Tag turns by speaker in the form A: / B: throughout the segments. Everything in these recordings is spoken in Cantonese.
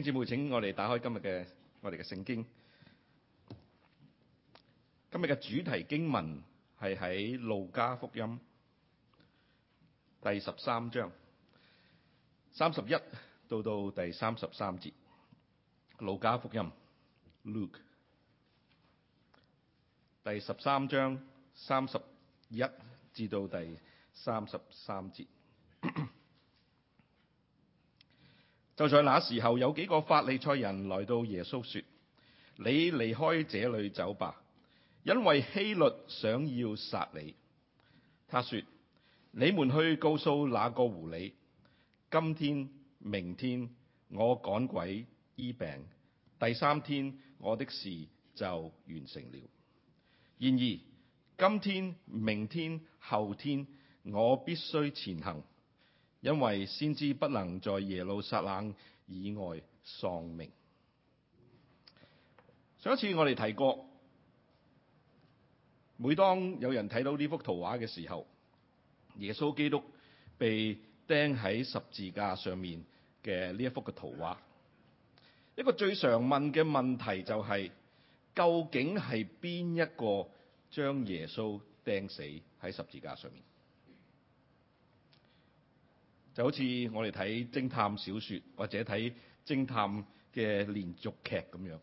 A: 兄姊妹，請我哋打開今日嘅我哋嘅聖經。今日嘅主題經文係喺路加福音第十三章三十一到到第三十三節。路加福音 Luke 第十三章三十一至到第三十三節。就在那時候，有幾個法利賽人來到耶穌說，說：你離開這裏走吧，因為希律想要殺你。他說：你們去告訴那個狐狸，今天、明天我趕鬼醫病，第三天我的事就完成了。然而，今天、明天、後天，我必須前行。因為先知不能在耶路撒冷以外喪命。上一次我哋提過，每當有人睇到呢幅圖畫嘅時候，耶穌基督被釘喺十字架上面嘅呢一幅嘅圖畫，一個最常問嘅問題就係，究竟係邊一個將耶穌釘死喺十字架上面？就好似我哋睇偵探小說或者睇偵探嘅連續劇咁樣，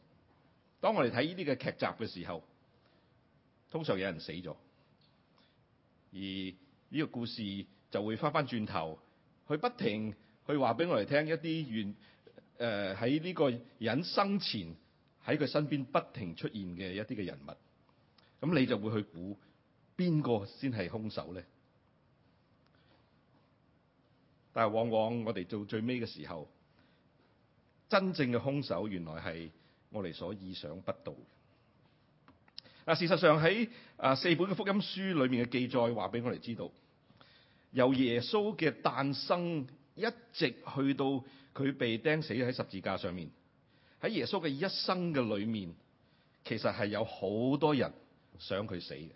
A: 當我哋睇呢啲嘅劇集嘅時候，通常有人死咗，而呢個故事就會翻翻轉頭，佢不停去話俾我哋聽一啲原、誒喺呢個人生前喺佢身邊不停出現嘅一啲嘅人物，咁你就會去估邊個先係兇手咧？但係往往我哋做最尾嘅時候，真正嘅兇手原來係我哋所意想不到。嗱，事實上喺啊四本嘅福音書裏面嘅記載，話俾我哋知道，由耶穌嘅誕生一直去到佢被釘死喺十字架上面，喺耶穌嘅一生嘅裏面，其實係有好多人想佢死嘅。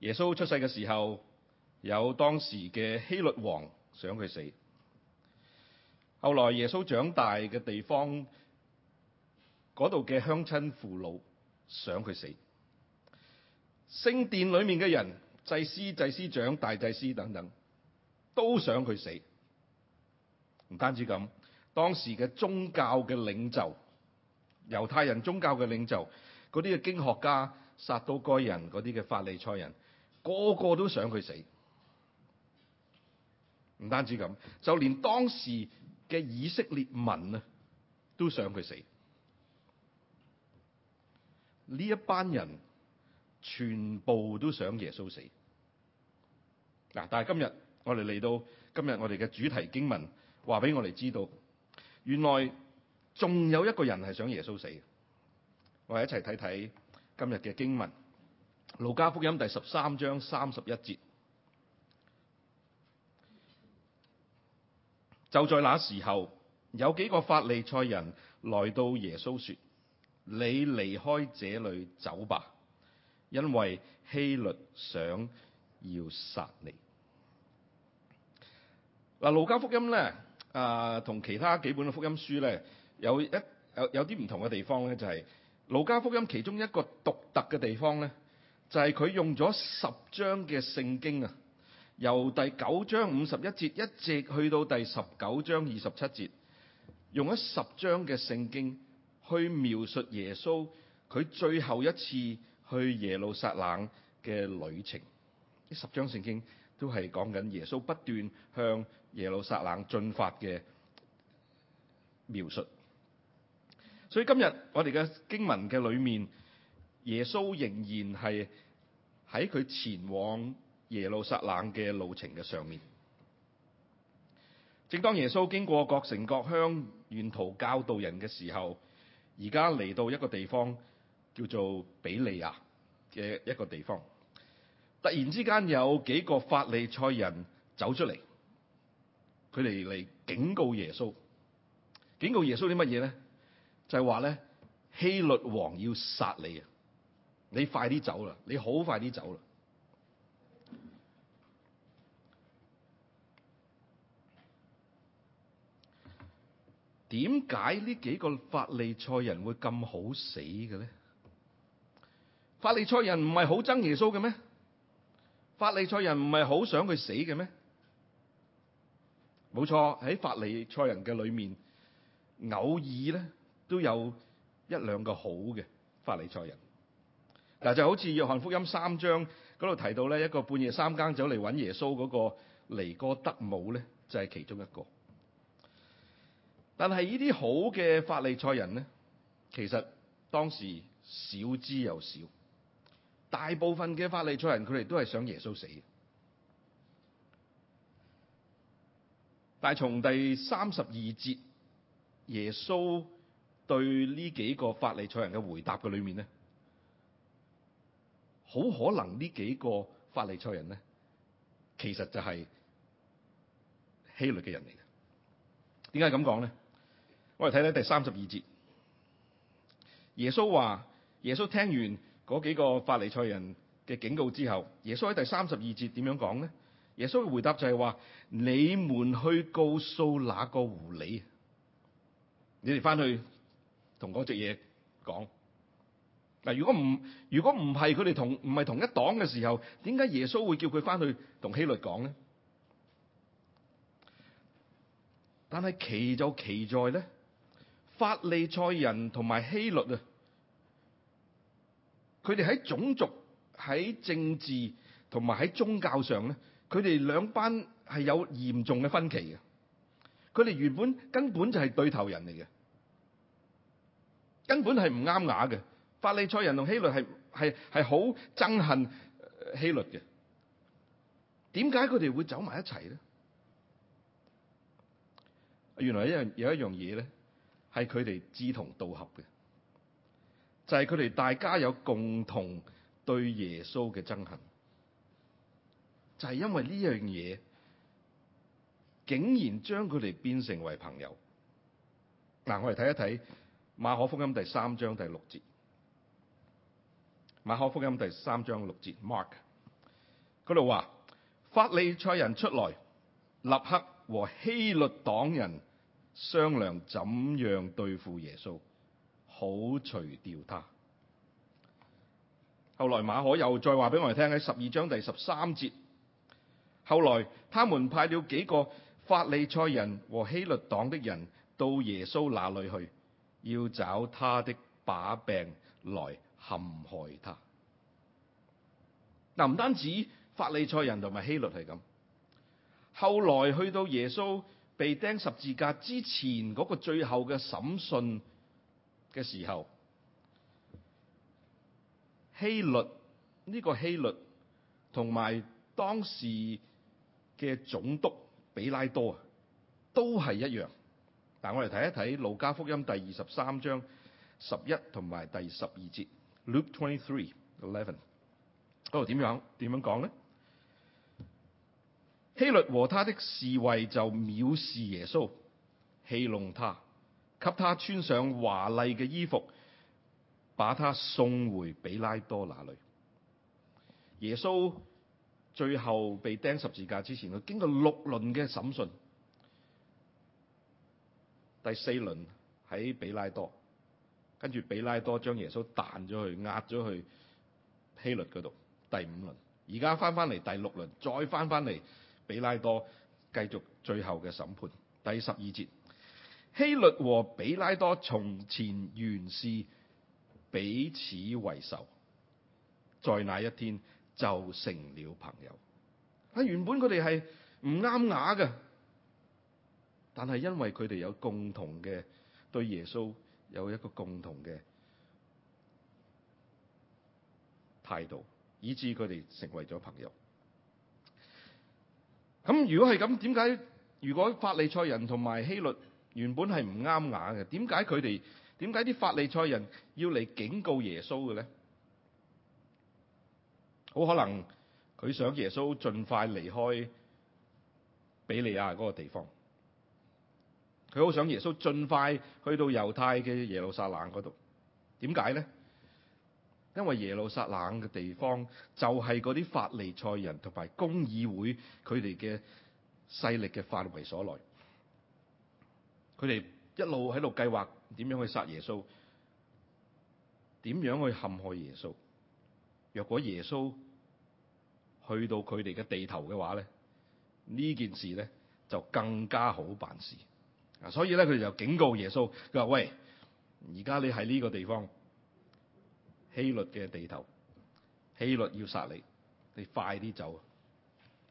A: 耶穌出世嘅時候。有當時嘅希律王想佢死，後來耶穌長大嘅地方嗰度嘅鄉親父老想佢死，聖殿裏面嘅人、祭司、祭司長、大祭司等等都想佢死。唔單止咁，當時嘅宗教嘅領袖，猶太人宗教嘅領袖嗰啲嘅經學家、撒都該人嗰啲嘅法利賽人，個個都想佢死。唔單止咁，就連當時嘅以色列民啊，都想佢死。呢一班人全部都想耶穌死。嗱，但係今日我哋嚟到今日我哋嘅主題經文，話俾我哋知道，原來仲有一個人係想耶穌死嘅。我哋一齊睇睇今日嘅經文，《路加福音》第十三章三十一節。就在那時候，有幾個法利賽人來到耶穌，說：你離開這裏走吧，因為希律想要殺你。嗱，路加福音咧，啊、呃，同其他幾本福音書咧，有一有有啲唔同嘅地方咧，就係路加福音其中一個獨特嘅地方咧，就係、是、佢用咗十章嘅聖經啊。由第九章五十一節一直去到第十九章二十七節，用咗十章嘅聖經去描述耶穌佢最後一次去耶路撒冷嘅旅程。呢十章聖經都係講緊耶穌不斷向耶路撒冷進發嘅描述。所以今日我哋嘅經文嘅裏面，耶穌仍然係喺佢前往。耶路撒冷嘅路程嘅上面，正當耶穌經過各城各鄉，沿途教導人嘅時候，而家嚟到一個地方叫做比利亞嘅一個地方，突然之間有幾個法利賽人走出嚟，佢哋嚟警告耶穌，警告耶穌啲乜嘢咧？就係話咧，希律王要殺你啊！你快啲走啦！你好快啲走啦！點解呢幾個法利賽人會咁好死嘅咧？法利賽人唔係好憎耶穌嘅咩？法利賽人唔係好想佢死嘅咩？冇錯，喺法利賽人嘅裏面，偶爾咧都有一兩個好嘅法利賽人。嗱，就好似約翰福音三章度提到咧，一個半夜三更走嚟揾耶穌嗰個尼哥德姆咧，就係其中一個。但係呢啲好嘅法利賽人咧，其實當時少之又少。大部分嘅法利賽人佢哋都係想耶穌死嘅。但係從第三十二節耶穌對呢幾個法利賽人嘅回答嘅裏面咧，好可能呢幾個法利賽人咧，其實就係希律嘅人嚟嘅。點解咁講咧？我哋睇睇第三十二節，耶穌話：耶穌聽完嗰幾個法利賽人嘅警告之後，耶穌喺第三十二節點樣講呢？耶穌嘅回答就係話：你們去告訴那個狐狸，你哋翻去同嗰隻嘢講。嗱，如果唔如果唔係佢哋同唔係同一黨嘅時候，點解耶穌會叫佢翻去同希律講呢？但係奇就奇在呢。法利賽人同埋希律啊，佢哋喺種族、喺政治同埋喺宗教上咧，佢哋兩班係有嚴重嘅分歧嘅。佢哋原本根本就係對頭人嚟嘅，根本係唔啱雅嘅。法利賽人同希律係係係好憎恨希律嘅。點解佢哋會走埋一齊咧？原來有一有一樣嘢咧。係佢哋志同道合嘅，就係佢哋大家有共同對耶穌嘅憎恨，就係、是、因為呢樣嘢，竟然將佢哋變成為朋友。嗱，我哋睇一睇馬可福音第三章第六節，馬可福音第三章六節，Mark，佢度話法利賽人出來，立刻和希律黨人。商量怎樣對付耶穌，好除掉他。後來馬可又再話俾我哋聽，喺十二章第十三節。後來他們派了幾個法利賽人和希律黨的人到耶穌那裏去，要找他的把柄來陷害他。嗱，唔單止法利賽人同埋希律係咁，後來去到耶穌，被釘十字架之前嗰個最後嘅審訊嘅時候，希律呢、呢個希律同埋當時嘅總督比拉多啊，都係一樣，嗱，我哋睇一睇路加福音第二十三章十一同埋第十二節 Luke twenty three eleven 度點樣點樣講咧？希律和他的侍衛就藐視耶穌，戲弄他，給他穿上華麗嘅衣服，把他送回彼拉多那裏。耶穌最後被釘十字架之前，佢經過六輪嘅審訊，第四輪喺彼拉多，跟住彼拉多將耶穌彈咗去壓咗去希律嗰度，第五輪，而家翻翻嚟，第六輪，再翻翻嚟。比拉多繼續最後嘅審判，第十二節，希律和比拉多從前原是彼此為仇，在那一天就成了朋友。啊，原本佢哋係唔啱啞嘅，但係因為佢哋有共同嘅對耶穌有一個共同嘅態度，以致佢哋成為咗朋友。咁如果係咁，點解如果法利賽人同埋希律原本係唔啱眼嘅？點解佢哋點解啲法利賽人要嚟警告耶穌嘅咧？好可能佢想耶穌盡快離開比利亞嗰個地方，佢好想耶穌盡快去到猶太嘅耶路撒冷嗰度。點解咧？因為耶路撒冷嘅地方就係嗰啲法利賽人同埋公議會佢哋嘅勢力嘅範圍所內，佢哋一路喺度計劃點樣去殺耶穌，點樣去陷害耶穌。若果耶穌去到佢哋嘅地頭嘅話咧，呢件事咧就更加好辦事。啊，所以咧佢哋就警告耶穌，佢話喂，而家你喺呢個地方。希律嘅地頭，希律要殺你，你快啲走，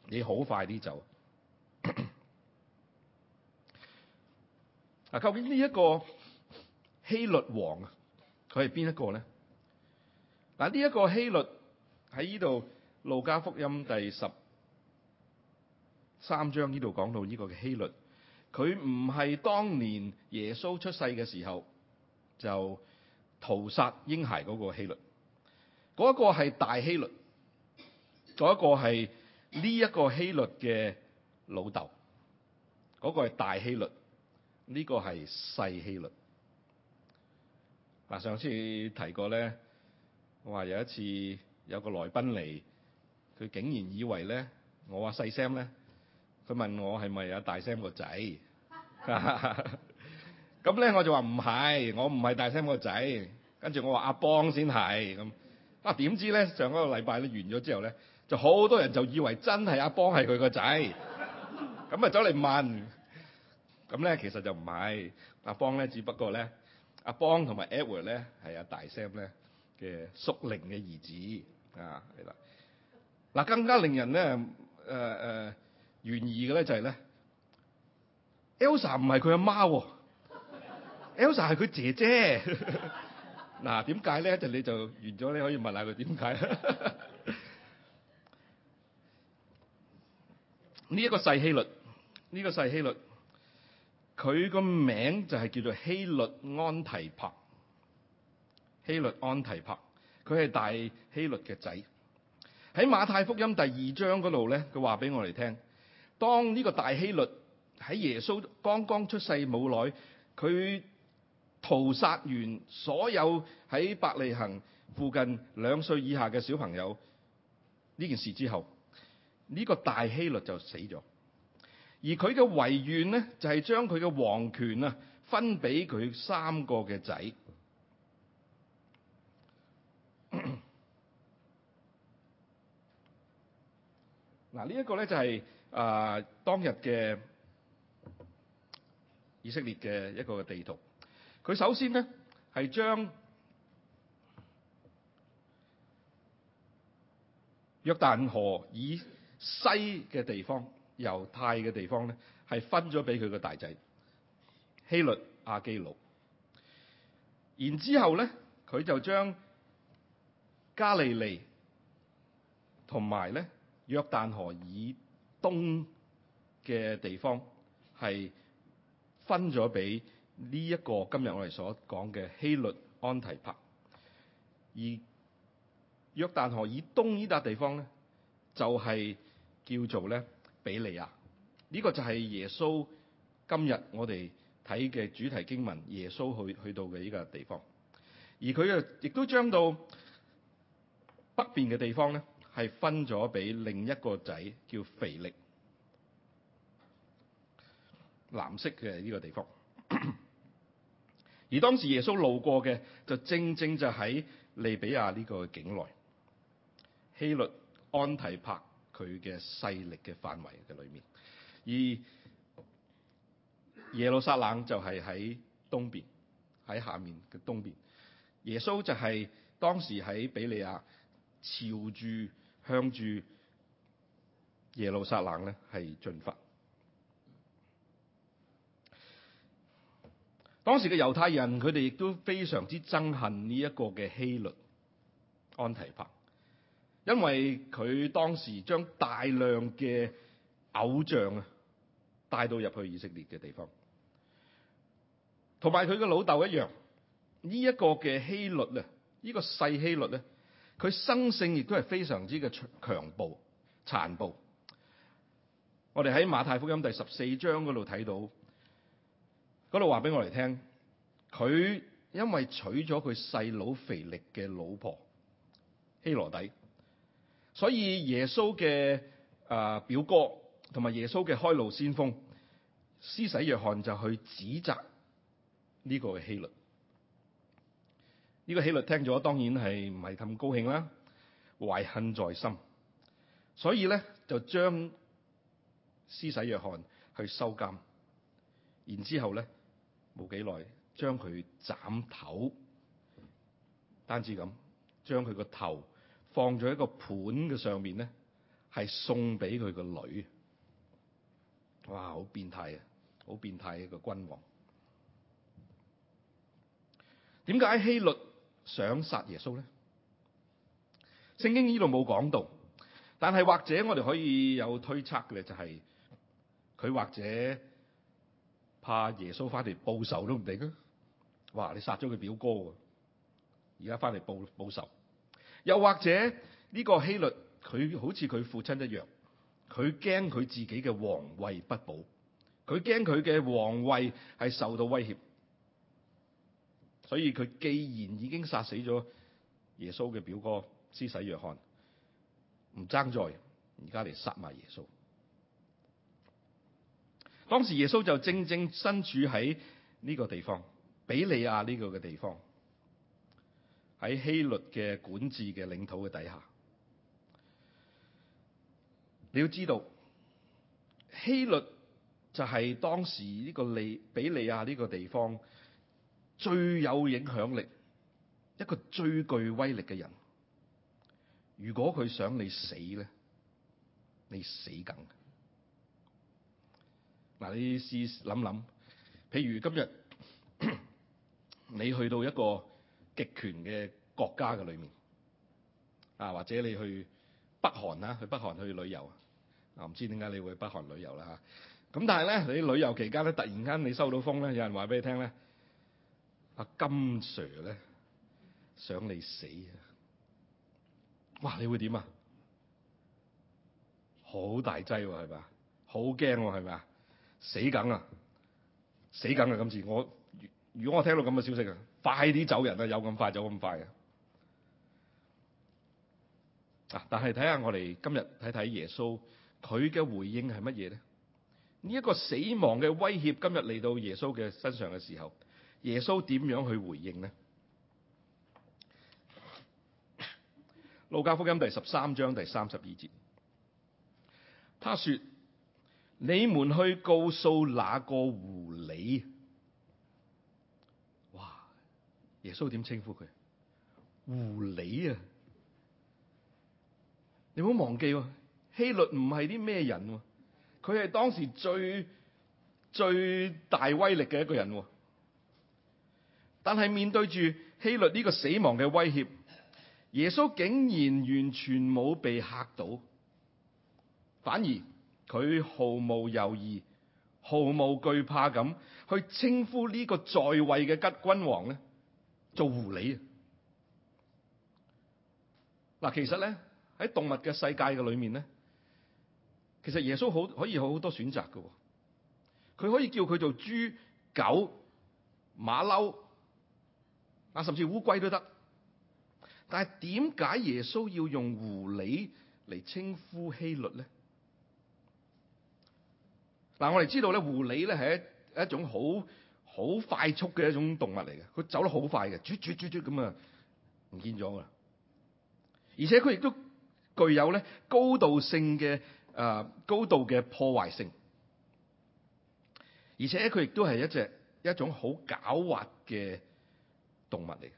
A: 你好快啲走。嗱、 啊，究竟呢一個希律王呢，啊，佢係邊一個咧？嗱，呢一個希律喺呢度路加福音第十三章呢度講到呢個嘅希律，佢唔係當年耶穌出世嘅時候就屠殺嬰孩嗰個希律，嗰個係大希律，嗰一個係呢一個希律嘅老豆，嗰個係大希律，呢個係細希律。嗱，上次提過咧，我話有一次有個來賓嚟，佢竟然以為咧，我話細 Sam 咧，佢問我係咪有大 Sam 個仔？ 咁咧，我就話唔係，我唔係大 Sam 個仔。跟住我話阿邦先係咁。啊，點知咧？上嗰個禮拜咧完咗之後咧，就好多人就以為真係阿邦係佢個仔。咁 啊，走嚟問咁咧，其實就唔係阿邦咧，只不過咧，阿邦同埋 Edward 咧係阿大 Sam 呢咧嘅宿靈嘅兒子啊，係啦。嗱、啊，更加令人咧誒誒懸疑嘅咧就係咧，Elsa 唔係佢阿媽。Elsa 係佢姐姐，嗱，點解咧？就你就完咗咧，你可以問下佢點解。呢一個細希律，呢個細希律，佢個名就係叫做希律安提帕。希律安提帕，佢係大希律嘅仔。喺馬太福音第二章嗰度咧，佢話俾我哋聽，當呢個大希律喺耶穌剛剛出世冇耐，佢。屠殺完所有喺伯利恆附近兩歲以下嘅小朋友呢件事之後，呢、這個大希律就死咗，而佢嘅遺願呢，就係、是、將佢嘅皇權啊分俾佢三個嘅仔。嗱呢一個呢，就係、是、啊、呃、當日嘅以色列嘅一個地圖。佢首先咧係將約旦河以西嘅地方，猶太嘅地方咧係分咗俾佢個大仔希律阿基魯。然之後咧，佢就將加利利同埋咧約旦河以東嘅地方係分咗俾。呢一個今日我哋所講嘅希律安提帕，而約旦河以東呢笪地方咧，就係叫做咧比利亞，呢個就係耶穌今日我哋睇嘅主題經文，耶穌去去到嘅呢個地方，而佢啊亦都將到北邊嘅地方咧，係分咗俾另一個仔叫腓力，藍色嘅呢個地方。 而當時耶穌路過嘅就正正就喺比利亞呢個境內，希律安提帕佢嘅勢力嘅範圍嘅裏面，而耶路撒冷就係喺東邊，喺下面嘅東邊，耶穌就係當時喺比利亞朝住向住耶路撒冷咧係進發。當時嘅猶太人佢哋亦都非常之憎恨呢一個嘅希律安提帕，因為佢當時將大量嘅偶像啊帶到入去以色列嘅地方，同埋佢嘅老豆一樣，呢、這、一個嘅希律咧，呢、這個細希律咧，佢生性亦都係非常之嘅強暴殘暴。我哋喺馬太福音第十四章嗰度睇到。嗰度話俾我哋聽，佢因為娶咗佢細佬腓力嘅老婆希羅底，所以耶穌嘅啊表哥同埋耶穌嘅開路先鋒施洗約翰就去指責呢個希律。呢個希律聽咗當然係唔係咁高興啦，懷恨在心，所以咧就將施洗約翰去收監，然之後咧。冇幾耐，將佢斬頭，單止咁，將佢個頭放咗喺個盤嘅上面咧，係送俾佢個女。哇，好變態啊，好變態一個君王。點解希律想殺耶穌咧？聖經呢度冇講到，但係或者我哋可以有推測嘅就係、是，佢或者。怕耶穌翻嚟報仇都唔定啊！哇，你殺咗佢表哥啊！而家翻嚟報報仇，又或者呢個希律佢好似佢父親一樣，佢驚佢自己嘅皇位不保，佢驚佢嘅皇位係受到威脅，所以佢既然已經殺死咗耶穌嘅表哥施洗約翰，唔爭在而家嚟殺埋耶穌。當時耶穌就正正身處喺呢個地方，比利亞呢個嘅地方，喺希律嘅管治嘅領土嘅底下。你要知道，希律就係當時呢個利比利亞呢個地方最有影響力、一個最具威力嘅人。如果佢想你死咧，你死梗。嗱，你試諗諗，譬如今日你去到一個極權嘅國家嘅裏面，啊，或者你去北韓啦，去北韓去旅遊，啊，唔知點解你會去北韓旅遊啦嚇？咁但係咧，你旅遊期間咧，突然間你收到風咧，有人話俾你聽咧，阿金 Sir 咧想你死啊！哇，你會點啊？好大劑喎，係咪啊？好驚喎，係咪啊？死梗啊！死梗啊！今次我如果我聽到咁嘅消息啊，快啲走人啊，有咁快走咁快嘅。啊！但係睇下我哋今日睇睇耶穌佢嘅回應係乜嘢咧？呢一個死亡嘅威脅今日嚟到耶穌嘅身上嘅時候，耶穌點樣去回應咧？路加福音第十三章第三十二節，他說。你們去告訴那個狐狸，哇！耶穌點稱呼佢？狐狸啊！你唔好忘記，希律唔係啲咩人，佢係當時最最大威力嘅一個人。但係面對住希律呢個死亡嘅威脅，耶穌竟然完全冇被嚇到，反而，佢毫無猶豫、毫無懼怕咁去稱呼呢個在位嘅吉君王咧，做狐狸啊！嗱，其實咧喺動物嘅世界嘅裏面咧，其實耶穌好可以有好多選擇嘅，佢可以叫佢做豬、狗、馬騮，啊，甚至烏龜都得。但係點解耶穌要用狐狸嚟稱呼希律咧？嗱，我哋知道咧，狐狸咧係一一種好好快速嘅一種動物嚟嘅，佢走得好快嘅，逐逐逐逐咁啊，唔見咗啦，而且佢亦都具有咧高度性嘅啊、呃、高度嘅破壞性，而且佢亦都係一隻一種好狡猾嘅動物嚟嘅。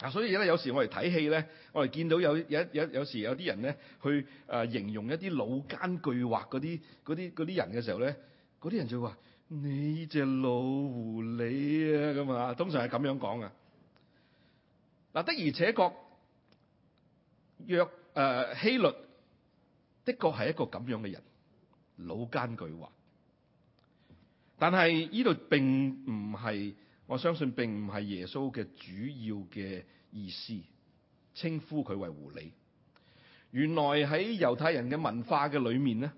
A: 嗱，所以咧，有時我哋睇戲咧，我哋見到有有有有時有啲人咧，去誒形容一啲老奸巨猾嗰啲嗰啲嗰啲人嘅時候咧，嗰啲人就話：你隻老狐狸啊！咁啊，通常係咁樣講噶。嗱，的而且確，若誒希律的確係一個咁樣嘅人，老奸巨猾。但係呢度並唔係。我相信並唔係耶穌嘅主要嘅意思，稱呼佢為狐狸。原來喺猶太人嘅文化嘅裏面咧，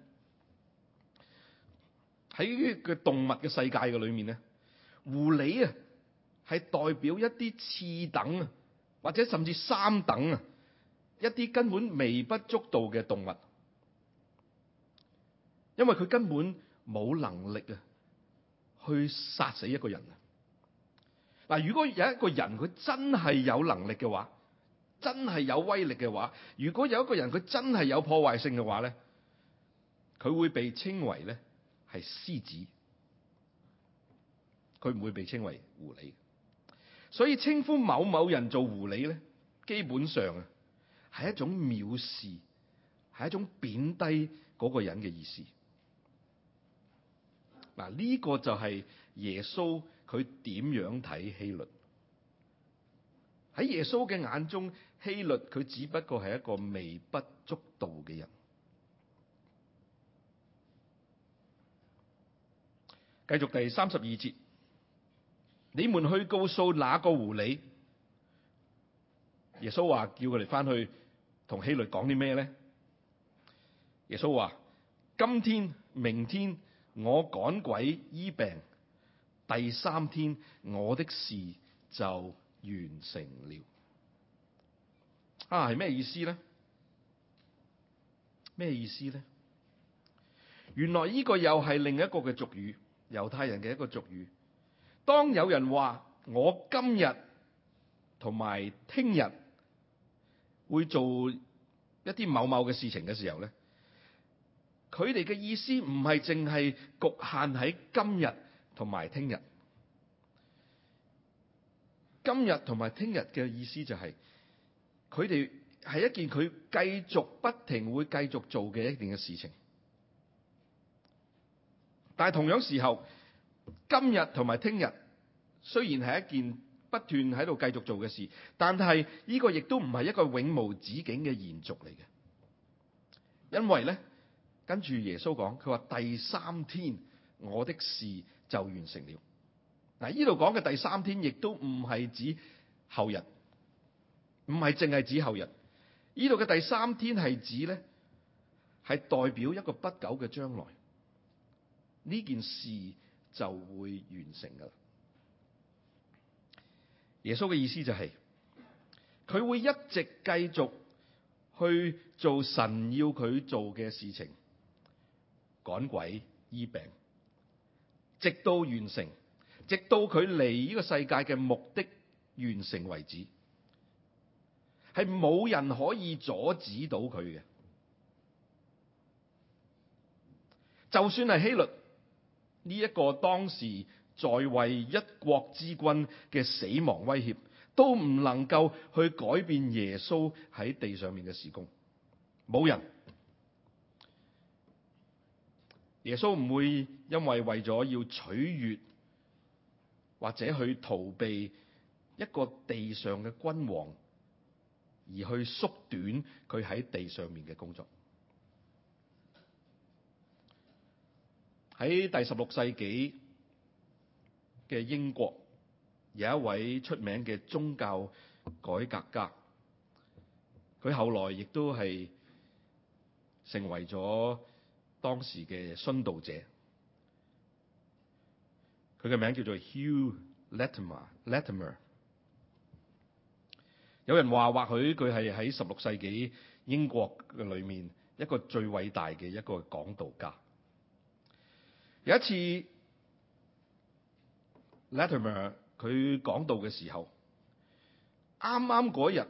A: 喺動物嘅世界嘅裏面咧，狐狸啊，係代表一啲次等啊，或者甚至三等啊，一啲根本微不足道嘅動物，因為佢根本冇能力啊，去殺死一個人啊。嗱，如果有一個人佢真係有能力嘅話，真係有威力嘅話，如果有一個人佢真係有破壞性嘅話咧，佢會被稱為咧係獅子，佢唔會被稱為狐狸。所以稱呼某某人做狐狸咧，基本上啊係一種藐視，係一種貶低嗰個人嘅意思。嗱，呢個就係耶穌。佢點樣睇希律？喺耶穌嘅眼中，希律佢只不過係一個微不足道嘅人。繼續第三十二節，你們去告訴那個狐狸。耶穌話叫佢哋返去同希律講啲咩咧？耶穌話：今天、明天，我趕鬼醫病。第三天，我的事就完成了。啊，係咩意思咧？咩意思咧？原來呢個又係另一個嘅俗語，猶太人嘅一個俗語。當有人話我今日同埋聽日會做一啲某某嘅事情嘅時候咧，佢哋嘅意思唔係淨係局限喺今日。同埋聽日，今日同埋聽日嘅意思就係佢哋係一件佢繼續不停會繼續做嘅一件嘅事情。但係同樣時候，今日同埋聽日雖然係一件不斷喺度繼續做嘅事，但係呢個亦都唔係一個永無止境嘅延續嚟嘅。因為呢，跟住耶穌講，佢話第三天我的事。就完成了。嗱，呢度講嘅第三天，亦都唔係指後日，唔係淨係指後日。呢度嘅第三天係指咧，係代表一個不久嘅將來，呢件事就會完成噶啦。耶穌嘅意思就係、是，佢會一直繼續去做神要佢做嘅事情，趕鬼、醫病，直到完成，直到佢嚟呢個世界嘅目的完成為止，係冇人可以阻止到佢嘅。就算係希律呢一個當時在位一國之君嘅死亡威脅，都唔能夠去改變耶穌喺地上面嘅事工。冇人。耶穌唔會因為為咗要取悅或者去逃避一個地上嘅君王，而去縮短佢喺地上面嘅工作。喺第十六世紀嘅英國，有一位出名嘅宗教改革家，佢後來亦都係成為咗。當時嘅殉道者，佢嘅名叫做 Hugh Latimer, Latimer。Latimer 有人話，或許佢係喺十六世紀英國裏面一個最偉大嘅一個講道家。有一次，Latimer 佢講道嘅時候，啱啱嗰日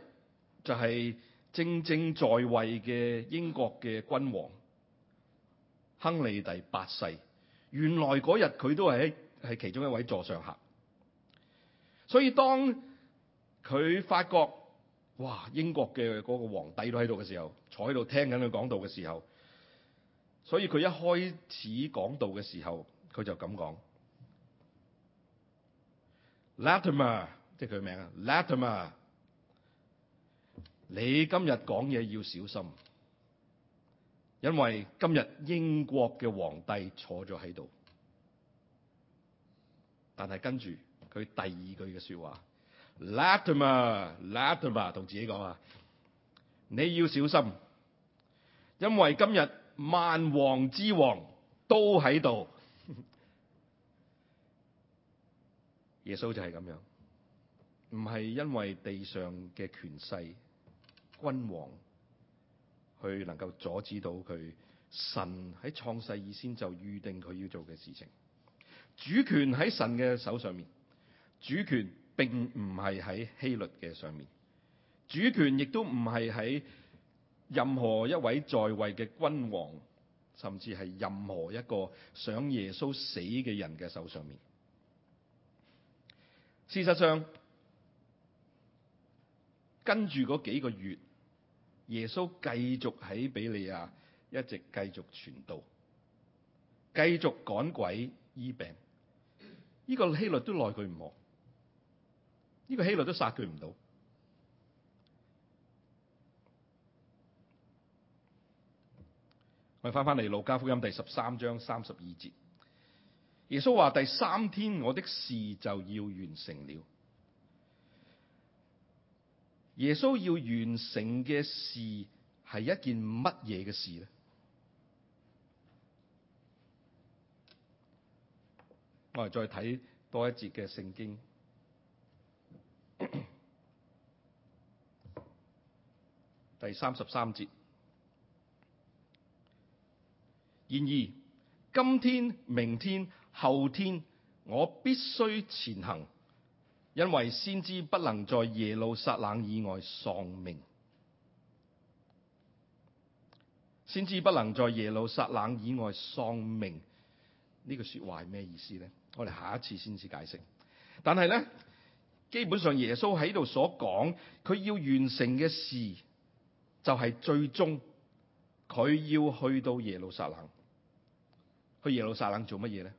A: 就係正正在位嘅英國嘅君王。亨利第八世，原來嗰日佢都係喺係其中一位座上客，所以當佢發覺哇，英國嘅個皇帝都喺度嘅時候，坐喺度聽緊佢講道嘅時候，所以佢一開始講道嘅時候，佢就咁講：Latimer，即係佢名啊，Latimer，你今日講嘢要小心。因為今日英國嘅皇帝坐咗喺度，但係跟住佢第二句嘅說話，Latimer, Latimer 同自己講啊，你要小心，因為今日萬王之王都喺度， 耶穌就係噉樣，唔係因為地上嘅權勢、君王。佢能夠阻止到佢，神喺創世以先就預定佢要做嘅事情，主權喺神嘅手上面，主權並唔係喺希律嘅上面，主權亦都唔係喺任何一位在位嘅君王，甚至係任何一個想耶穌死嘅人嘅手上面。事實上，跟住嗰幾個月。耶穌繼續喺比利亞一直繼續傳道，繼續趕鬼醫病，呢、這個希律都奈佢唔何，呢、這個希律都殺佢唔到。我翻翻嚟路加福音第十三章三十二節，耶穌話：第三天我的事就要完成了。耶穌要完成嘅事係一件乜嘢嘅事呢？我哋再睇多一節嘅聖經，第三十三節。然而，今天、明天、後天，我必須前行。因為先知不能在耶路撒冷以外喪命，先知不能在耶路撒冷以外喪命。呢、這個說話係咩意思咧？我哋下一次先至解釋。但係咧，基本上耶穌喺度所講，佢要完成嘅事就係、是、最終佢要去到耶路撒冷，去耶路撒冷做乜嘢咧？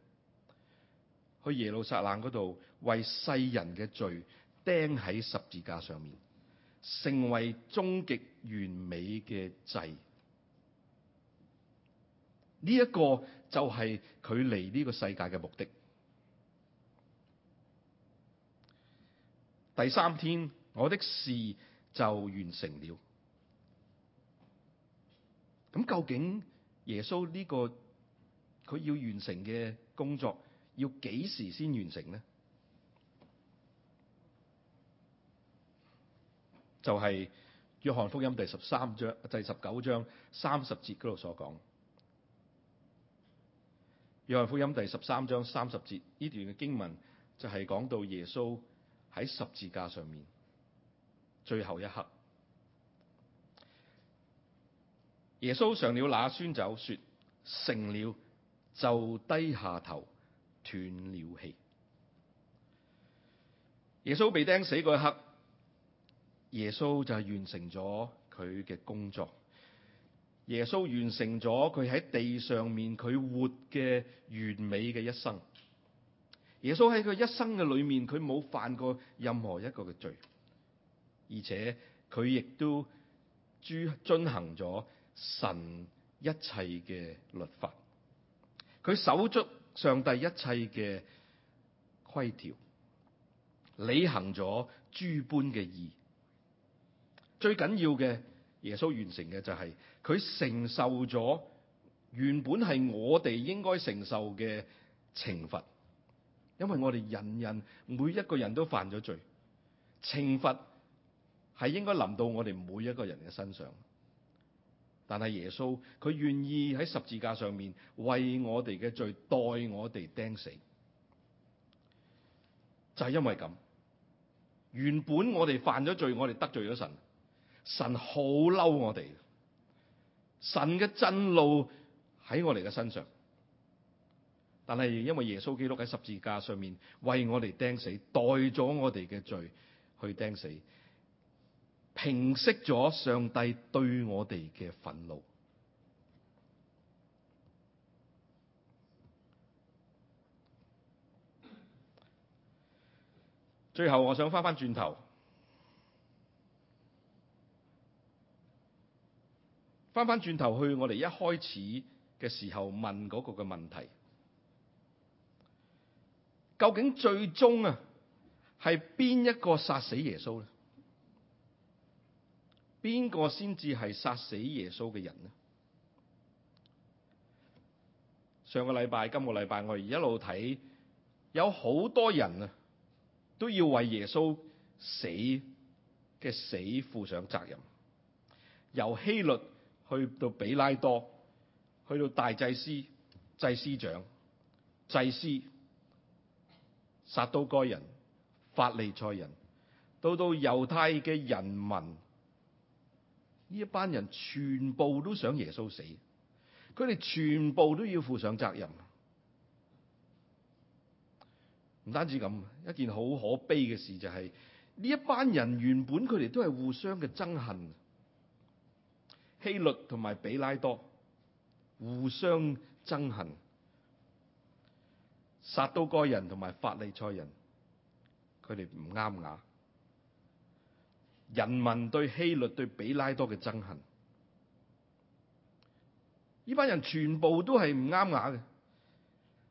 A: 去耶路撒冷度為世人嘅罪釘喺十字架上面，成為終極完美嘅祭。呢、這、一個就係佢嚟呢個世界嘅目的。第三天，我的事就完成了。咁究竟耶穌呢、這個佢要完成嘅工作？要幾時先完成呢？就係、是、約翰福音》第十三章第、就是、十九章三十節度所講。約翰福音》第十三章三十節呢段嘅經文就係講到耶穌喺十字架上面最後一刻，耶穌上了那酸酒，說：成了，就低下頭。」斷了氣。耶穌被釘死嗰一刻，耶穌就係完成咗佢嘅工作。耶穌完成咗佢喺地上面佢活嘅完美嘅一生。耶穌喺佢一生嘅裏面，佢冇犯過任何一個嘅罪，而且佢亦都遵行咗神一切嘅律法。佢手足。上帝一切嘅規條，履行咗諸般嘅義。最緊要嘅，耶穌完成嘅就係、是、佢承受咗原本係我哋應該承受嘅懲罰，因為我哋人人每一個人都犯咗罪，懲罰係應該臨到我哋每一個人嘅身上。但係耶穌佢願意喺十字架上面為我哋嘅罪代我哋釘死，就係因為咁。原本我哋犯咗罪，我哋得罪咗神，神好嬲我哋，神嘅震怒喺我哋嘅身上。但係因為耶穌基督喺十字架上面為我哋釘死，代咗我哋嘅罪去釘死。平息咗上帝對我哋嘅憤怒。最後，我想翻翻轉頭，翻翻轉頭去我哋一開始嘅時候問嗰個嘅問題，究竟最終啊，係邊一個殺死耶穌咧？邊個先至係殺死耶穌嘅人呢？上個禮拜、今個禮拜，我一路睇，有好多人啊，都要為耶穌死嘅死負上責任。由希律去到比拉多，去到大祭司、祭司長、祭司，撒都該人、法利賽人，到到猶太嘅人民。呢一班人全部都想耶穌死，佢哋全部都要負上責任。唔單止咁，一件好可悲嘅事就係，是，呢一班人原本佢哋都係互相嘅憎恨，希律同埋比拉多互相憎恨，撒都該人同埋法利賽人佢哋唔啱眼。人民對希律、對彼拉多嘅憎恨，呢班人全部都係唔啱牙嘅，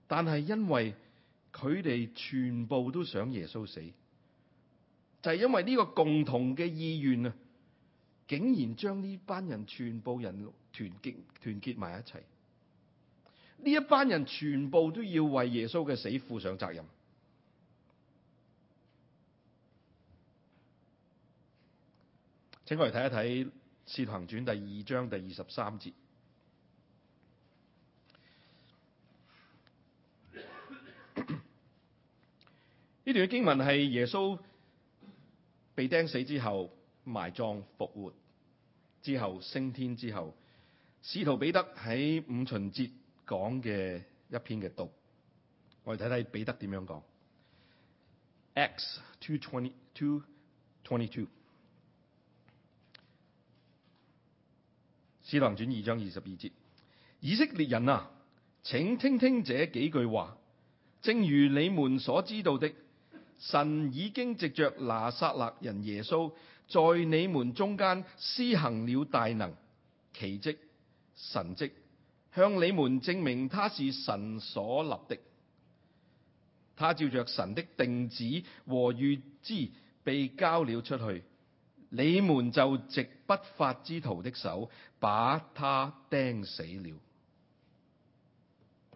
A: 但係因為佢哋全部都想耶穌死，就係因為呢個共同嘅意願啊，竟然將呢班人全部人團結團結埋一齊，呢一班人全部都要為耶穌嘅死負上責任。請我哋睇一睇《使徒行傳》第二章第二十三節。呢 段嘅經文係耶穌被釘死之後埋葬、復活之後升天之後，使徒彼得喺五旬節講嘅一篇嘅讀。我哋睇睇彼得點樣講。Acts two twenty two twenty two。只能卷二章二十二節，以色列人啊，請聽聽這幾句話。正如你們所知道的，神已經藉着拿撒勒人耶穌，在你們中間施行了大能、奇蹟、神蹟，向你們證明他是神所立的。他照着神的定旨和預知，被交了出去。你們就藉不法之徒的手，把他釘死了。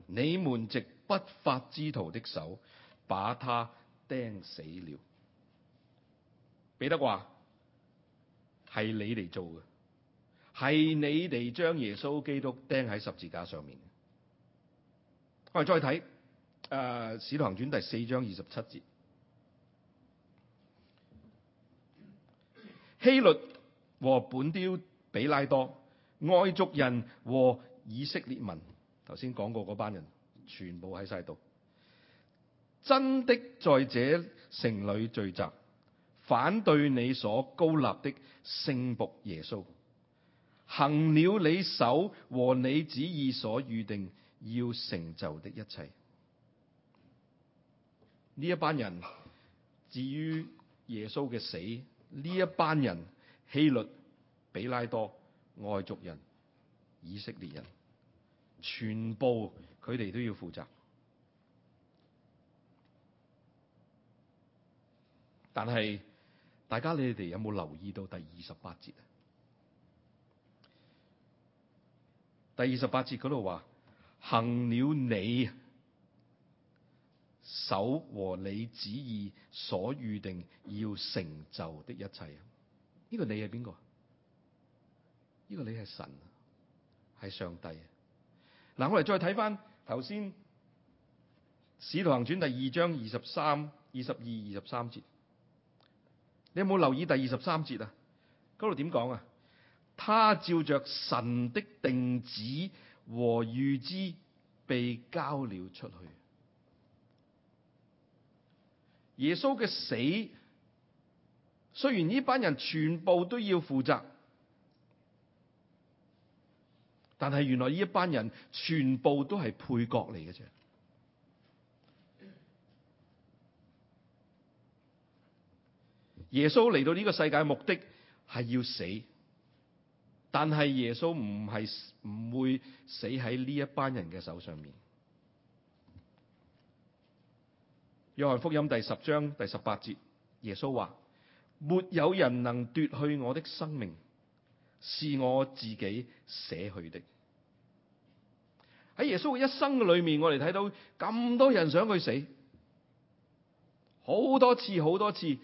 A: 你們藉不法之徒的手，把他釘死了。彼得話：係你哋做嘅，係你哋將耶穌基督釘喺十字架上面。我哋再睇《誒、啊、使徒行傳》第四章二十七節。希律和本丟比拉多、外族人和以色列民，頭先講過嗰班人，全部喺晒度，真的在這城裏聚集，反對你所高立的聖僕耶穌，行了你手和你旨意所預定要成就的一切。呢一班人至於耶穌嘅死。呢一班人，希律、比拉多、外族人、以色列人，全部佢哋都要負責。但係大家你哋有冇留意到第二十八節啊？第二十八節嗰度話行了你。手和你旨意所預定要成就的一切啊，呢個你係邊個啊？呢個你係神，係上帝啊。嗱，我哋再睇翻頭先《使徒行傳》第二章二十三、二十二、二十三節，你有冇留意第二十三節啊？嗰度點講啊？他照着神的定旨和預知被交了出去。耶穌嘅死，雖然呢班人全部都要負責，但係原來呢一班人全部都係配角嚟嘅啫。耶穌嚟到呢個世界的目的係要死，但係耶穌唔係唔會死喺呢一班人嘅手上面。約翰福音第十章第十八節，耶穌話：沒有人能奪去我的生命，是我自己捨去的。喺耶穌的一生裏面，我哋睇到咁多人想佢死，好多次好多次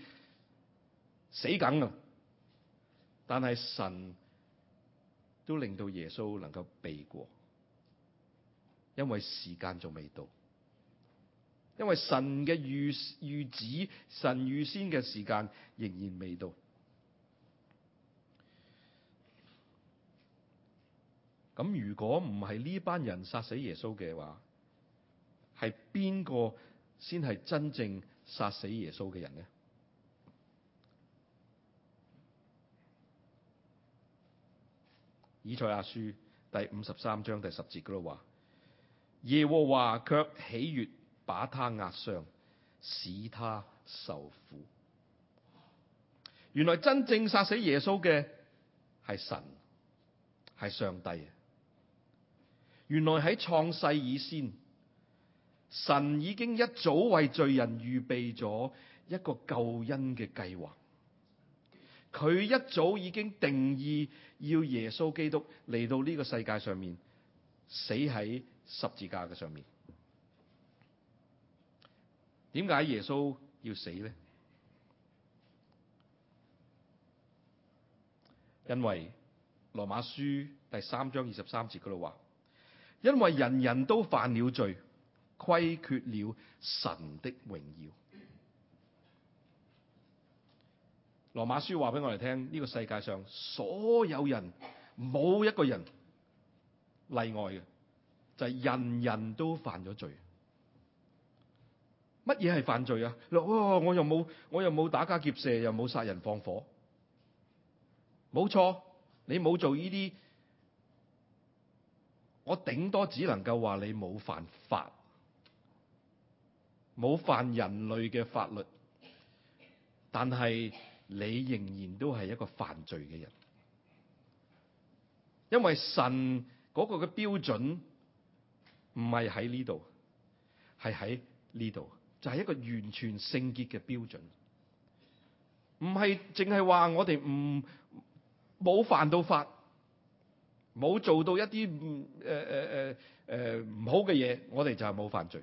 A: 死梗啊！但係神都令到耶穌能夠避過，因為時間仲未到。因為神嘅預預旨，神預先嘅時間仍然未到。咁如果唔係呢班人殺死耶穌嘅話，係邊個先係真正殺死耶穌嘅人呢？以賽亞書第五十三章第十節嗰度話：耶和華卻喜悅。把他壓傷，使他受苦。原來真正殺死耶穌嘅係神，係上帝。原來喺創世以先，神已經一早為罪人預備咗一個救恩嘅計劃。佢一早已經定義要耶穌基督嚟到呢個世界上面，死喺十字架嘅上面。點解耶穌要死咧？因為羅馬書第三章二十三節嗰度話，因為人人都犯了罪，虧缺了神的榮耀。羅馬書話俾我哋聽，呢、這個世界上所有人冇一個人例外嘅，就係、是、人人都犯咗罪。乜嘢係犯罪啊？哦，我又冇，我又冇打家劫舍，又冇殺人放火。冇錯，你冇做呢啲，我頂多只能夠話你冇犯法，冇犯人類嘅法律，但係你仍然都係一個犯罪嘅人，因為神嗰個嘅標準唔係喺呢度，係喺呢度。就係、是、一個完全聖潔嘅標準，唔係淨係話我哋唔冇犯到法，冇做到一啲誒誒誒誒唔好嘅嘢，我哋就係冇犯罪。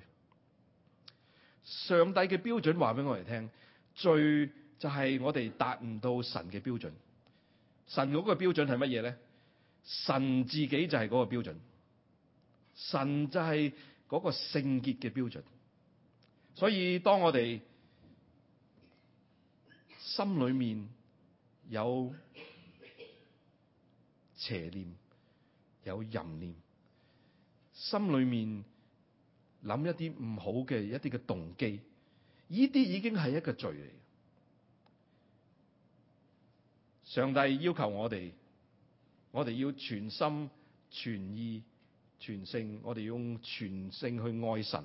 A: 上帝嘅標準話俾我哋聽，罪就係我哋達唔到神嘅標準。神嗰個標準係乜嘢咧？神自己就係嗰個標準，神就係嗰個聖潔嘅標準。所以，當我哋心裏面有邪念、有淫念，心裏面諗一啲唔好嘅一啲嘅動機，呢啲已經係一個罪嚟。上帝要求我哋，我哋要全心、全意、全性，我哋用全性去愛神。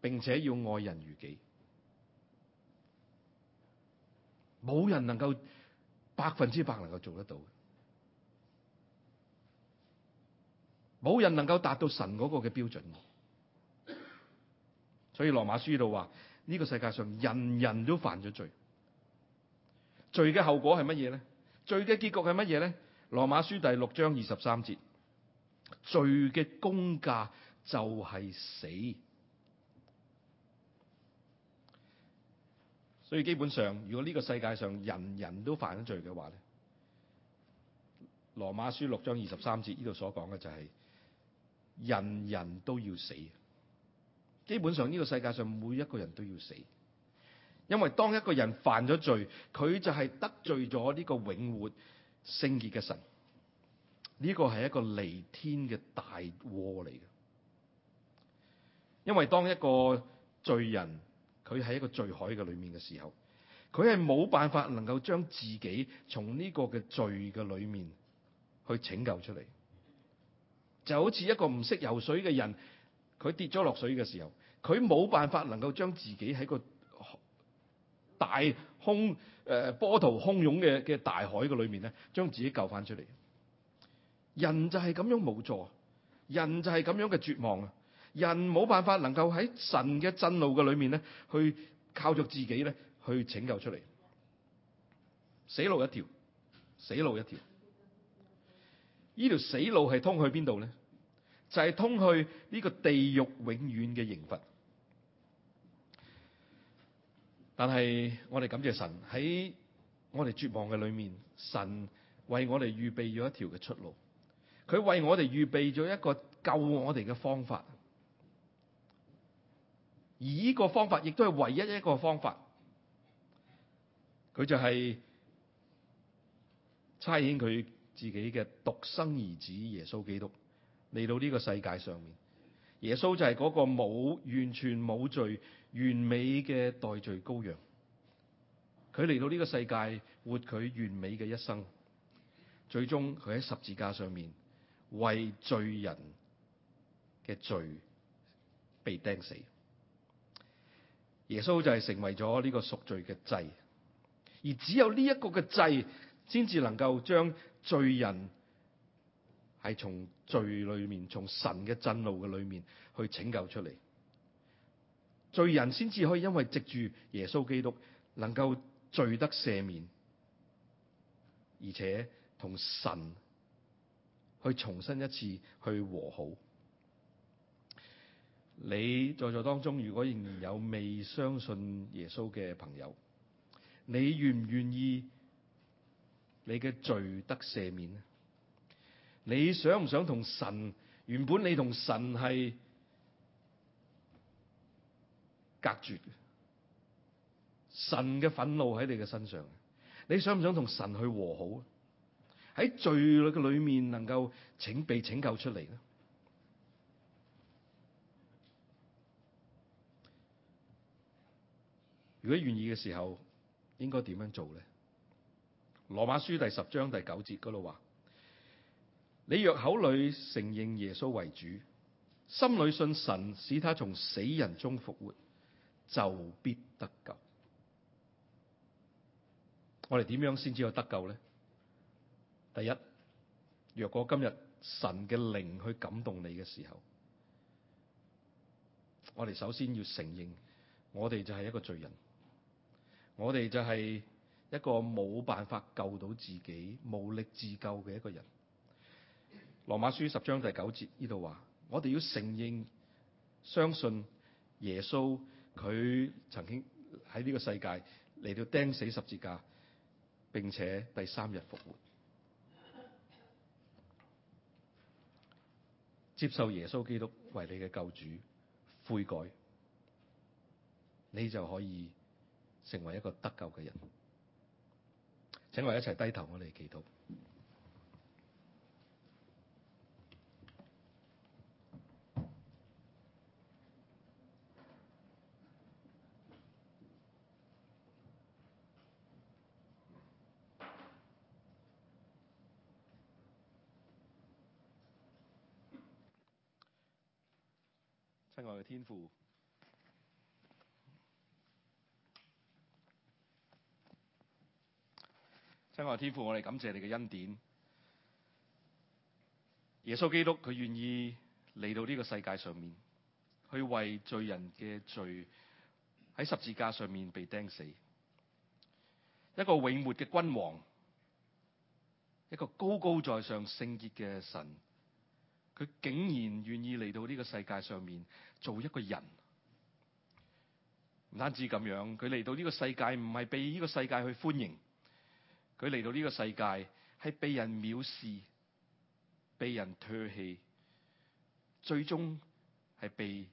A: 並且要愛人如己，冇人能夠百分之百能夠做得到，冇人能夠達到神嗰個嘅標準。所以羅馬書度話：呢個世界上人人都犯咗罪，罪嘅後果係乜嘢咧？罪嘅結局係乜嘢咧？羅馬書第六章二十三節，罪嘅公價就係死。所以基本上，如果呢個世界上人人都犯咗罪嘅話咧，《羅馬書》六章二十三節呢度所講嘅就係人人都要死。基本上呢個世界上每一個人都要死，因為當一個人犯咗罪，佢就係得罪咗呢個永活聖潔嘅神，呢個係一個彌天嘅大禍嚟嘅。因為當一個罪人，佢喺一個罪海嘅裏面嘅時候，佢係冇辦法能夠將自己從呢個嘅罪嘅裏面去拯救出嚟，就好似一個唔識游水嘅人，佢跌咗落水嘅時候，佢冇辦法能夠將自己喺個大洶誒波濤洶湧嘅嘅大海嘅裏面咧，將自己救翻出嚟。人就係咁樣無助，人就係咁樣嘅絕望啊！人冇辦法能夠喺神嘅震怒嘅裏面咧，去靠著自己咧去拯救出嚟，死路一條，死路一條。呢條死路係通去邊度咧？就係通去呢個地獄永遠嘅刑罰。但係我哋感謝神喺我哋絕望嘅裏面，神為我哋預備咗一條嘅出路，佢為我哋預備咗一個救我哋嘅方法。而呢個方法亦都係唯一一個方法，佢就係差遣佢自己嘅獨生兒子耶穌基督嚟到呢個世界上面。耶穌就係嗰個冇完全冇罪完美嘅代罪羔羊，佢嚟到呢個世界活佢完美嘅一生，最終佢喺十字架上面為罪人嘅罪被釘死。耶穌就係成為咗呢個贖罪嘅祭，而只有呢一個嘅祭，先至能夠將罪人係從罪裏面，從神嘅震怒嘅裏面去拯救出嚟，罪人先至可以因為藉住耶穌基督，能夠罪得赦免，而且同神去重新一次去和好。你在座當中，如果仍然有未相信耶穌嘅朋友，你願唔願意你嘅罪得赦免呢？你想唔想同神？原本你同神係隔絕嘅，神嘅憤怒喺你嘅身上。你想唔想同神去和好？喺罪嘅裏面，能夠請被拯救出嚟呢？如果願意嘅時候，應該點樣做咧？羅馬書第十章第九節嗰度話：「你若口裏承認耶穌為主，心裏信神使他從死人中復活，就必得救。我哋點樣先至有得救咧？第一，若果今日神嘅靈去感動你嘅時候，我哋首先要承認，我哋就係一個罪人。我哋就係一個冇辦法救到自己，無力自救嘅一個人。羅馬書十章第九節呢度話，我哋要承認、相信耶穌，佢曾經喺呢個世界嚟到釘死十字架，並且第三日復活，接受耶穌基督為你嘅救主，悔改，你就可以。成為一個得救嘅人，請我哋一齊低頭我，我哋祈禱，親愛嘅天父，我哋天父，我哋感謝你嘅恩典。耶穌基督佢願意嚟到呢個世界上面，去為罪人嘅罪喺十字架上面被釘死。一個永活嘅君王，一個高高在上聖潔嘅神，佢竟然願意嚟到呢個世界上面做一個人。唔單止咁樣，佢嚟到呢個世界唔係被呢個世界去歡迎。佢嚟到呢個世界，係被人藐視、被人唾棄，最終係被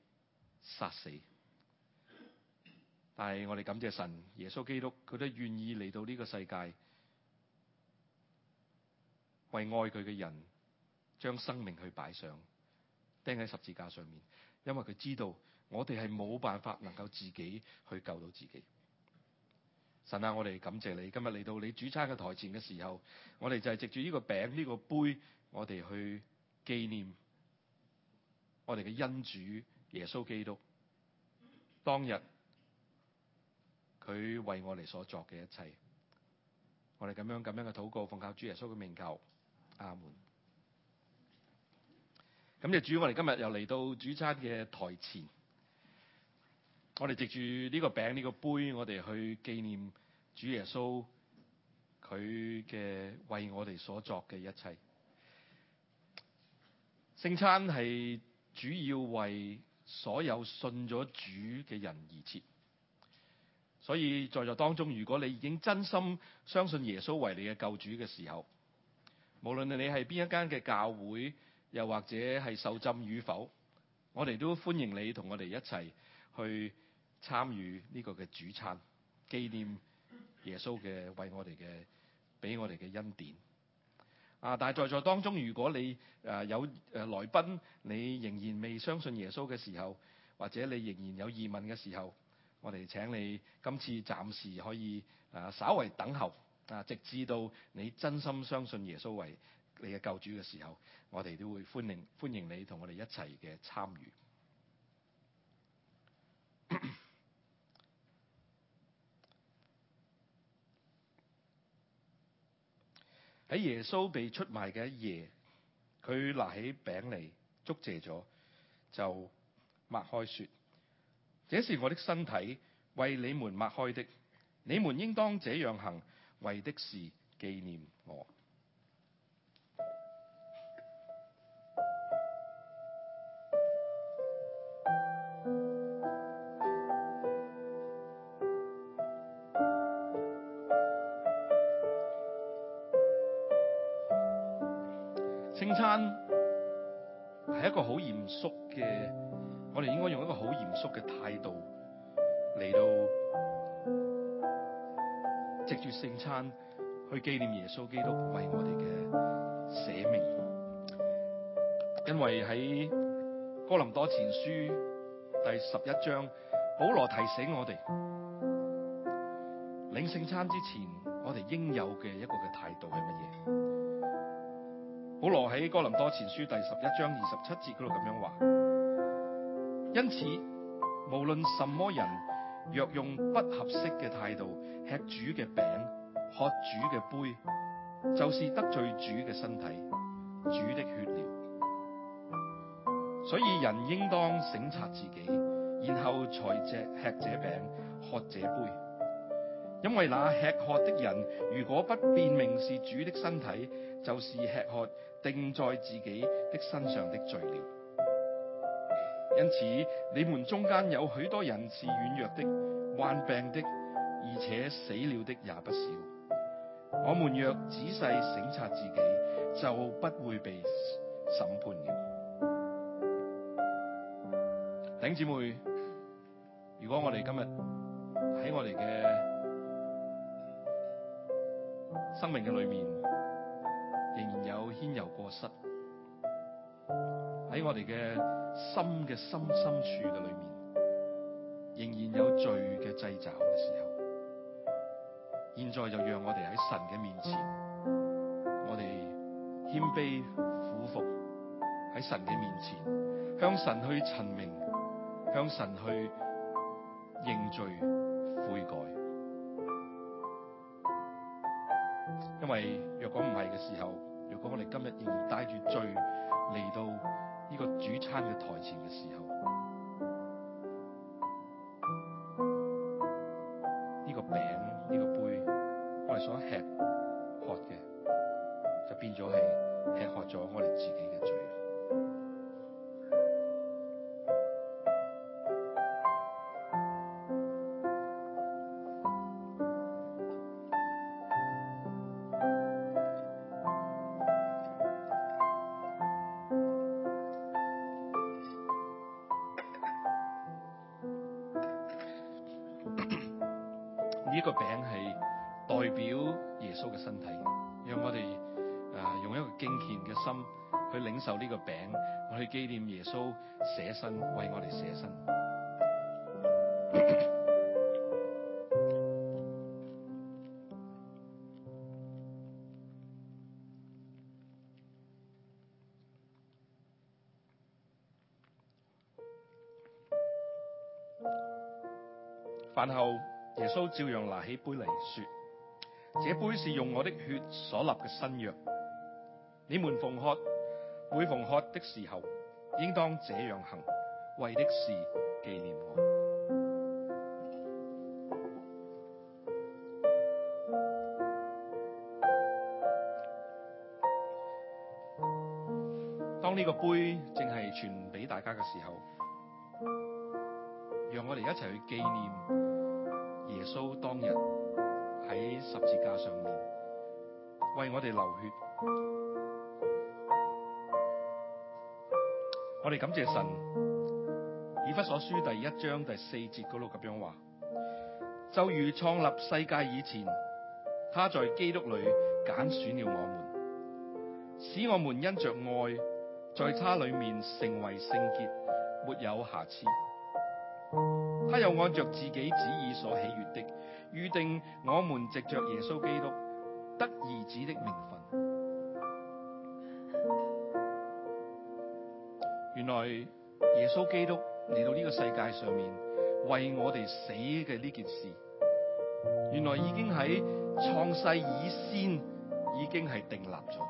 A: 殺死。但係我哋感謝神，耶穌基督，佢都願意嚟到呢個世界，為愛佢嘅人，將生命去擺上，釘喺十字架上面，因為佢知道，我哋係冇辦法能夠自己去救到自己。神啊，我哋感謝你，今日嚟到你主餐嘅台前嘅時候，我哋就係藉住呢個餅、呢個杯，我哋去紀念我哋嘅恩主耶穌基督。當日佢為我哋所作嘅一切，我哋咁樣咁樣嘅禱告，奉靠主耶穌嘅名求，阿門。咁就主，我哋今日又嚟到主餐嘅台前。我哋藉住呢個餅、呢個杯，我哋去紀念主耶穌佢嘅為我哋所作嘅一切。聖餐係主要為所有信咗主嘅人而設，所以在座當中，如果你已經真心相信耶穌為你嘅救主嘅時候，無論你係邊一間嘅教會，又或者係受浸與否，我哋都歡迎你同我哋一齊去參與呢個嘅主餐，紀念耶穌嘅為我哋嘅，俾我哋嘅恩典。啊！但係在座當中，如果你、啊、有、啊、來賓，你仍然未相信耶穌嘅時候，或者你仍然有疑問嘅時候，我哋請你今次暫時可以、啊、稍為等候啊，直至到你真心相信耶穌為你嘅救主嘅時候，我哋都會歡迎歡迎你同我哋一齊嘅參與。喺耶穌被出賣嘅一夜，佢拿起餅嚟祝謝咗就擘開，說，這是我的身體為你們擘開的，你們應當這樣行，為的是紀念我。聖餐係一個好嚴肅嘅，我哋應該用一個好嚴肅嘅態度嚟到藉住聖餐去紀念耶穌基督為我哋嘅捨命。因為喺哥林多前書第十一章，保羅提醒我哋領聖餐之前，我哋應有嘅一個嘅態度係乜嘢？保羅喺哥林多前書第十一章二十七節嗰度咁樣話：因此無論什麼人，若用不合適嘅態度吃主嘅餅、喝主嘅杯，就是得罪主嘅身體、主的血了。所以人應當省察自己，然後才這吃這餅、喝這杯，因為那吃喝的人，如果不辨明是主的身體，就是吃喝定在自己的身上的罪了。因此，你們中間有許多人是軟弱的、患病的，而且死了的也不少。我們若仔細省察自己，就不會被審判了。弟兄姊妹，如果我哋今日喺我哋嘅生命嘅裏面，有牽柔過失，喺我哋嘅心嘅心深處嘅裏面，仍然有罪嘅積攢嘅時候，現在就讓我哋喺神嘅面前，我哋謙卑俯伏，喺神嘅面前，向神去陳明，向神去認罪悔改，因為若果唔係嘅時候。講我哋今日仍然帶住罪嚟到呢個主餐嘅台前嘅時候。照樣拿起杯嚟說，這杯是用我的血所立嘅新約。你們奉喝，每逢喝的時候，應當這樣行，為的是紀念我。當呢個杯正係傳俾大家嘅時候，讓我哋一齊去紀念。耶穌當日喺十字架上面為我哋流血，我哋感謝神。以弗所書第一章第四節嗰度咁樣話：「就如創立世界以前，他在基督裏揀選了我們，使我們因着愛，在他裏面成為聖潔，沒有瑕疵」。他又按著自己旨意所喜悦的預定，我們藉著耶穌基督得兒子的名分。原來耶穌基督嚟到呢個世界上面為我哋死嘅呢件事，原來已經喺創世以先已經係定立咗。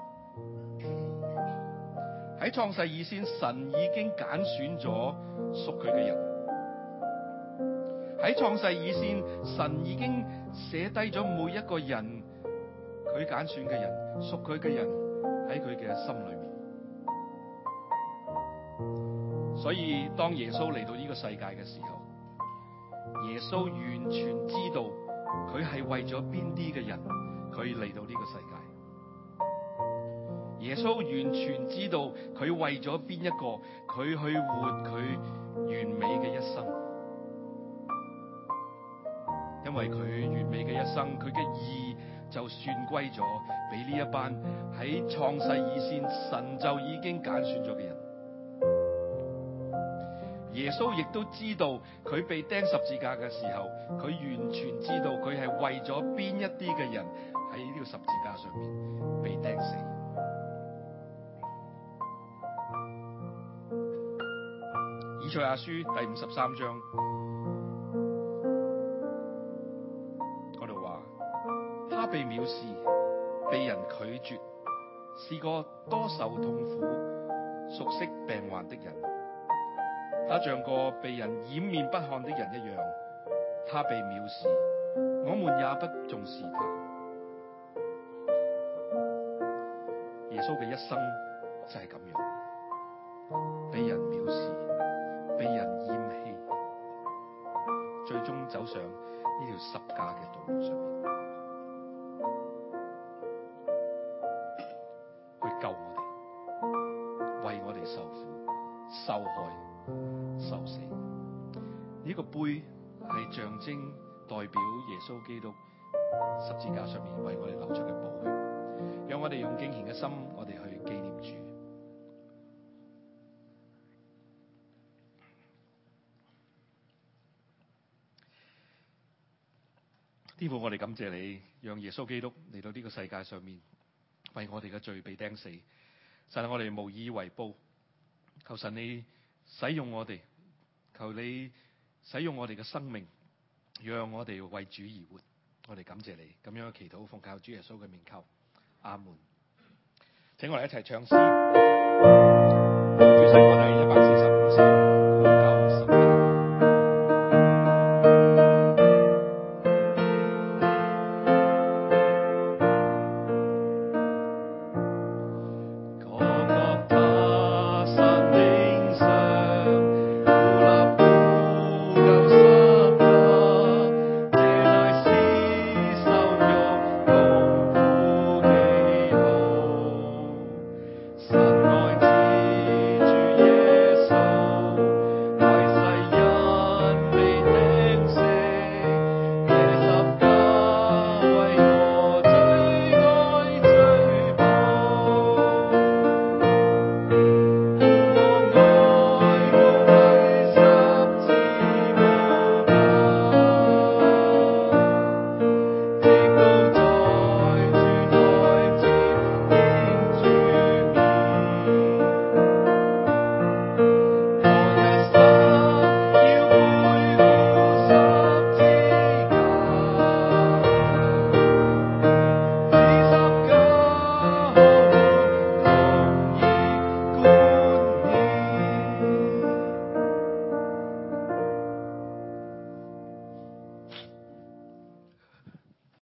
A: 喺創世以先，神已經揀選咗屬佢嘅人。喺創世以先，神已經寫低咗每一個人，佢揀選嘅人，屬佢嘅人喺佢嘅心裏面。所以當耶穌嚟到呢個世界嘅時候，耶穌完全知道佢係為咗邊啲嘅人，佢嚟到呢個世界。耶穌完全知道佢為咗邊一個，佢去活佢完美嘅一生。因為佢完美嘅一生，佢嘅意就算歸咗俾呢一班喺創世以先，神就已經揀選咗嘅人。耶穌亦都知道佢被釘十字架嘅時候，佢完全知道佢係為咗邊一啲嘅人喺呢個十字架上面被釘死。以賽亞書第五十三章，被藐視、被人拒絕，是個多受痛苦、熟悉病患的人。他像個被人掩面不看的人一樣，他被藐視，我們也不重視他。耶穌嘅一生就係咁樣，被人藐視、被人厭棄，最終走上呢條十架嘅道路上。杯係象徵代表耶穌基督十字架上面為我哋流出嘅寶血，讓我哋用敬虔嘅心，我哋去紀念主。天父，我哋感謝你，讓耶穌基督嚟到呢個世界上面，為我哋嘅罪被釘死，但係我哋無以為報。求神你使用我哋，求你。使用我哋嘅生命，讓我哋為主而活。我哋感謝你，咁樣嘅祈禱，奉靠主耶穌嘅名求，阿門。請我哋一齊唱詩。